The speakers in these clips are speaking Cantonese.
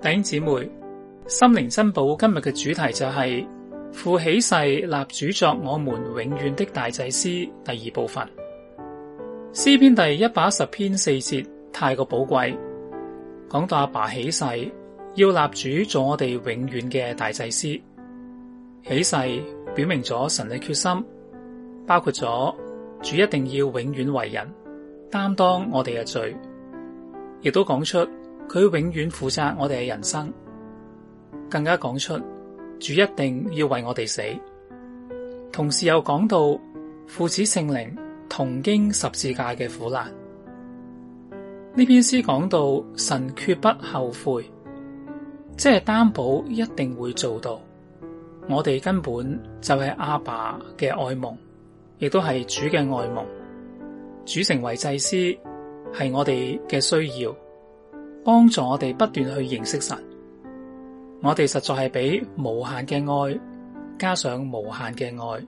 弟兄姊妹，心靈珍寶今日嘅主題就係、是、父起誓立主作我們永遠的大祭司，第二部分。詩篇第一百一十篇四節太過寶貴，講到阿爸起誓，要立主做我哋永遠嘅大祭司。起誓表明咗神嘅決心，包括咗主一定要永遠為人擔當我哋嘅罪，亦都講出。佢永遠負責我哋嘅人生，更加講出主一定要為我哋死。同時又講到父子聖靈同經十字架嘅苦難。呢篇詩講到神決不後悔，即係擔保一定會做到。我哋根本就係阿爸嘅愛夢，亦都係主嘅愛夢。主成為祭司係我哋嘅需要。幫助我哋不斷去認識神，我哋實在係俾無限嘅愛，加上無限嘅愛，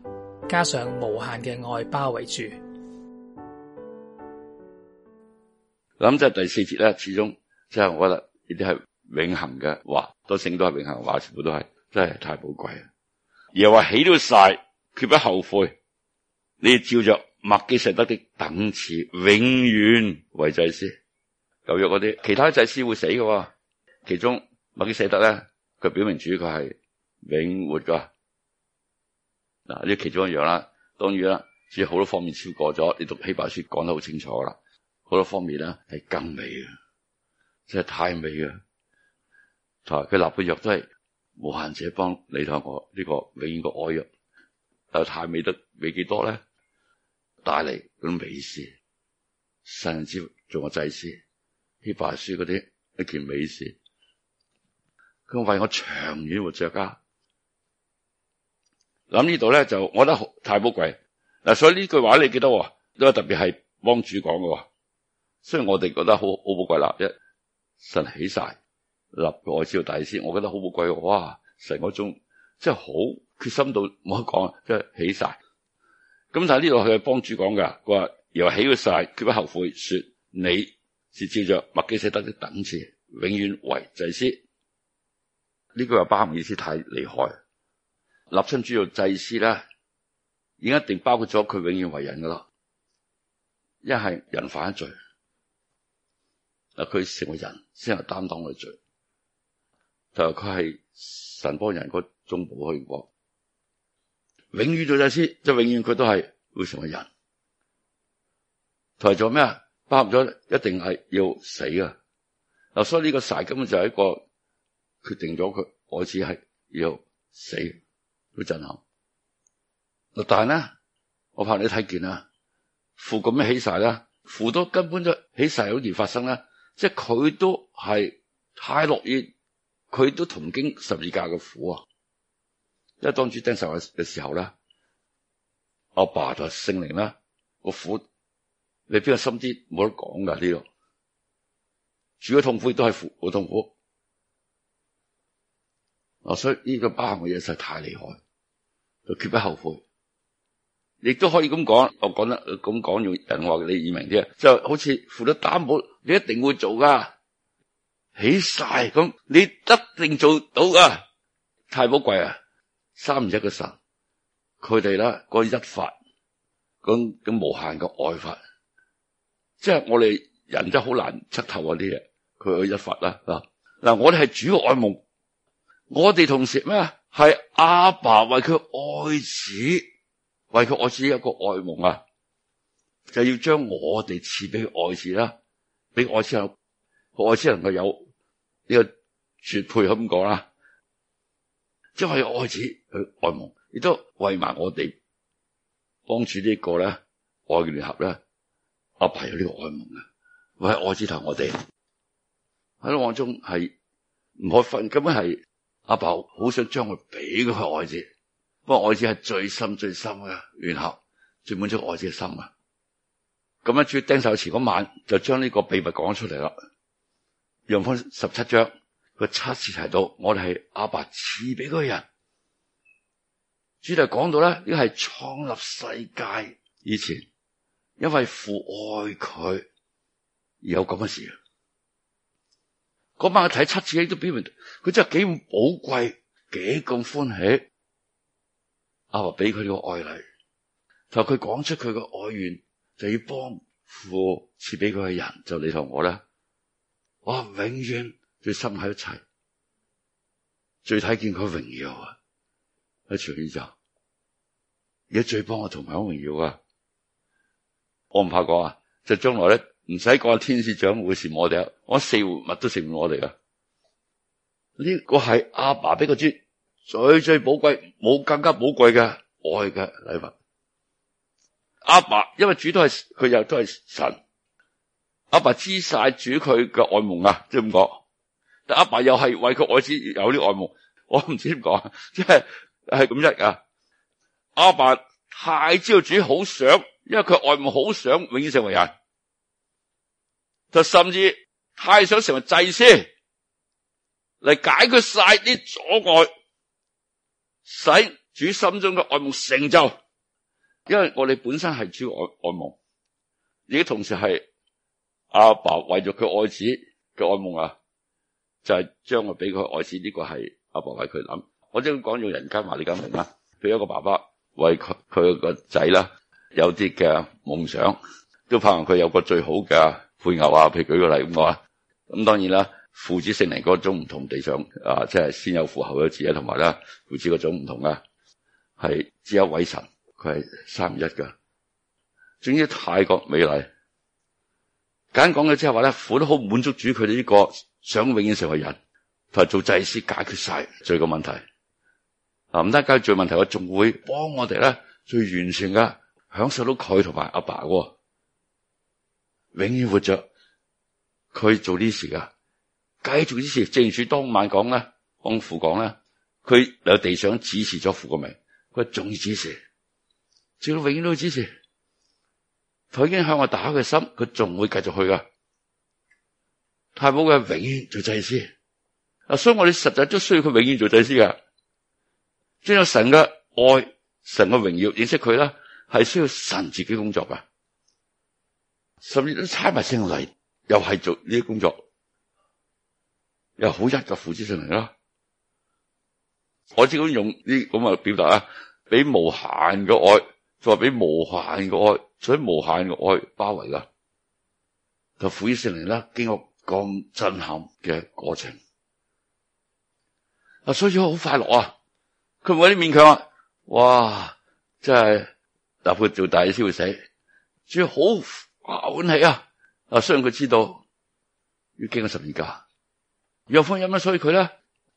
加上無限嘅愛包圍住。咁就第四節咧，始終即係我覺得，呢啲係永恆嘅話，都聖都係永恆話，全部都係真係太寶貴。而又話起咗誓，決不後悔。你照着麥基洗德的等次，永遠為祭司。舊約嗰啲，其他祭司會死嘅，其中麥基洗德咧，佢表明主佢係永活噶，嗱，呢其中一樣啦。當然啦，至於好多方面超過咗，你讀希伯書講得好清楚啦。好多方面咧係更美嘅，真係太美嘅，同埋佢立嘅約都係無限者幫你同我呢個永遠個愛約，但太美得美幾多咧，帶嚟咁美事，甚至做個祭司。寫白書嗰啲一件美事，佢為我長遠活着家。諗呢度咧就我覺得太寶貴。嗱，所以呢句話你記得，都特別係幫主講嘅。雖然我哋覺得好好寶貴啦，神起誓立我朝大祭司，我覺得好寶貴。哇！神嗰種真係好決心到冇得講，真係起誓。咁但係呢度佢係幫主講噶，佢話又起咗誓，決不後悔。說你，是照着麥基洗德的等次，永遠為祭司。呢句話包含意思太厲害了。立春主要祭司咧，已經一定包括咗佢永遠為人噶啦。一係人犯咗罪，嗱，佢成為人先係擔當嘅罪。就佢係神幫人個忠僕去講，永遠做祭司，就永遠佢都係會成為人。同埋做咩啊？包含咗一定係要死啊！嗱，所以呢個誓根本就係一個決定咗佢，我只係要死，好震撼。嗱，但係咧，我怕你睇見啦，父咁樣起誓啦，父都根本就起誓，好易發生啦。即係佢都係太樂意，佢都同經十二架嘅苦啊，因為當主釘十字架嘅時候咧，阿爸就聖靈啦，那個苦。你邊個心知冇得講噶呢個？主嘅痛苦都係好痛苦啊！所以呢個包含嘅嘢，實在太厲害，佢決不後悔。亦都可以咁講，我講得咁講，用人話你耳明啲，就好似負咗擔保，你一定會做噶起晒咁，你一定做到噶。太寶貴啊！三一嘅神，佢哋啦個一法，咁咁無限嘅愛法。即係我哋人真好難出頭啊！啲嘢，佢去一發啦，嗱嗱，我哋係主嘅愛夢，我哋同時咩係阿爸為佢愛子，為佢愛子一個愛夢啊，就是、要將我哋賜俾愛子啦，俾愛子有愛子能夠有呢個絕配咁講啦，即、就、係、是、愛子去愛夢，亦都為埋我哋幫住呢個咧愛嘅聯合咧。阿爸，爸有呢個愛夢嘅，喺愛子頭我哋喺當中係唔可分，根本係阿爸好想將佢俾佢愛子，不過愛子係最深最深嘅聯合，最滿足愛子嘅心啊！咁樣主釘十字嗰晚就將呢個秘密講出嚟啦。楊方十七章佢七節提到，我哋係阿爸賜俾嗰個人。主就講到咧，呢個係創立世界以前。因為父愛佢有咁嘅事，嗰晚我睇，七字經都表明，佢真係幾咁寶貴，幾咁歡喜。阿伯俾佢呢個愛嚟，就佢講出佢嘅愛願，就要幫父賜俾佢嘅人，就你同我啦。我永遠最深喺一齊，最睇見佢榮耀。阿徐姨就，而家最幫我同埋我榮耀啊！我唔怕講啊，就將來咧唔使講，天使長會是我哋，我四活物都食唔我哋噶。呢、這個係阿爸俾個主最最寶貴、冇更加寶貴嘅愛嘅禮物。阿爸因為主都係佢又都係神，阿爸知晒主佢嘅愛慕啊，即係咁講。但阿爸又係為佢愛子有啲愛慕，我唔知點講，即係係咁一啊。阿爸太知道主好想。因為佢愛慕好想永遠成為人，就甚至太想成為祭司嚟，解決晒啲阻礙，使主心中嘅愛慕成就。因為我哋本身係主愛愛慕，而家同時係阿爸為咗佢愛子嘅愛慕啊，就係、是、將我俾佢愛子呢個係阿爸為佢諗。我即係講用人間話，你噉明啊？俾一個爸爸為佢佢個仔啦。有啲嘅夢想，都盼望佢有個最好嘅配偶啊。譬如舉個例咁話，咁當然啦，父子性靈嗰種唔同地上啊，即係先有父後自己有子，同埋啦父子嗰種唔同啊，係只有偉神佢係三一噶。總之泰國美麗簡講嘅，即係話咧，父都好滿足主佢哋呢個想永遠成為人同做祭司解決晒罪個問題嗱，唔解決罪問題，幫我仲會幫我哋咧最完全嘅。享受到佢同埋阿爸喎，永遠活着。佢做呢事㗎，繼續支持。正如當晚講啦，我父講啦，佢有地上指示咗父嘅命，佢仲要支持，直到永遠都要支持。佢已經向我打開心，佢仲會繼續去噶。太保嘅永遠做祭司，啊，所以我哋實際都需要佢永遠做祭司嘅。將有神嘅愛、神嘅榮耀認識佢啦。係需要神自己工作噶，甚至都參埋聖靈，又係做呢啲工作，又好一就父於聖靈啦。我只管用呢咁嘅表達啊，俾無限嘅愛，再俾無限嘅愛，所以無限嘅愛包圍啦，就富於聖靈啦。經過咁震撼嘅過程，啊，所以好快樂啊！佢唔會勉強，哇，真係～哪怕做大嘢先會死，主要好啊歡喜啊！雖然佢知道要經過十二架，有分有乜，所以佢咧，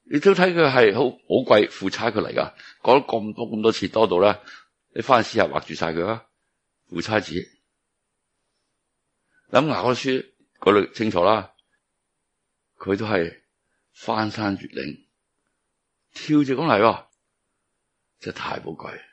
你都睇佢係好寶貴父差佢嚟噶，講咗咁多咁多次多到咧，你翻去私下畫住晒佢啦。父差子諗牙嗰書佢都清楚啦，佢都係翻山越嶺跳住咁嚟，真係太寶貴。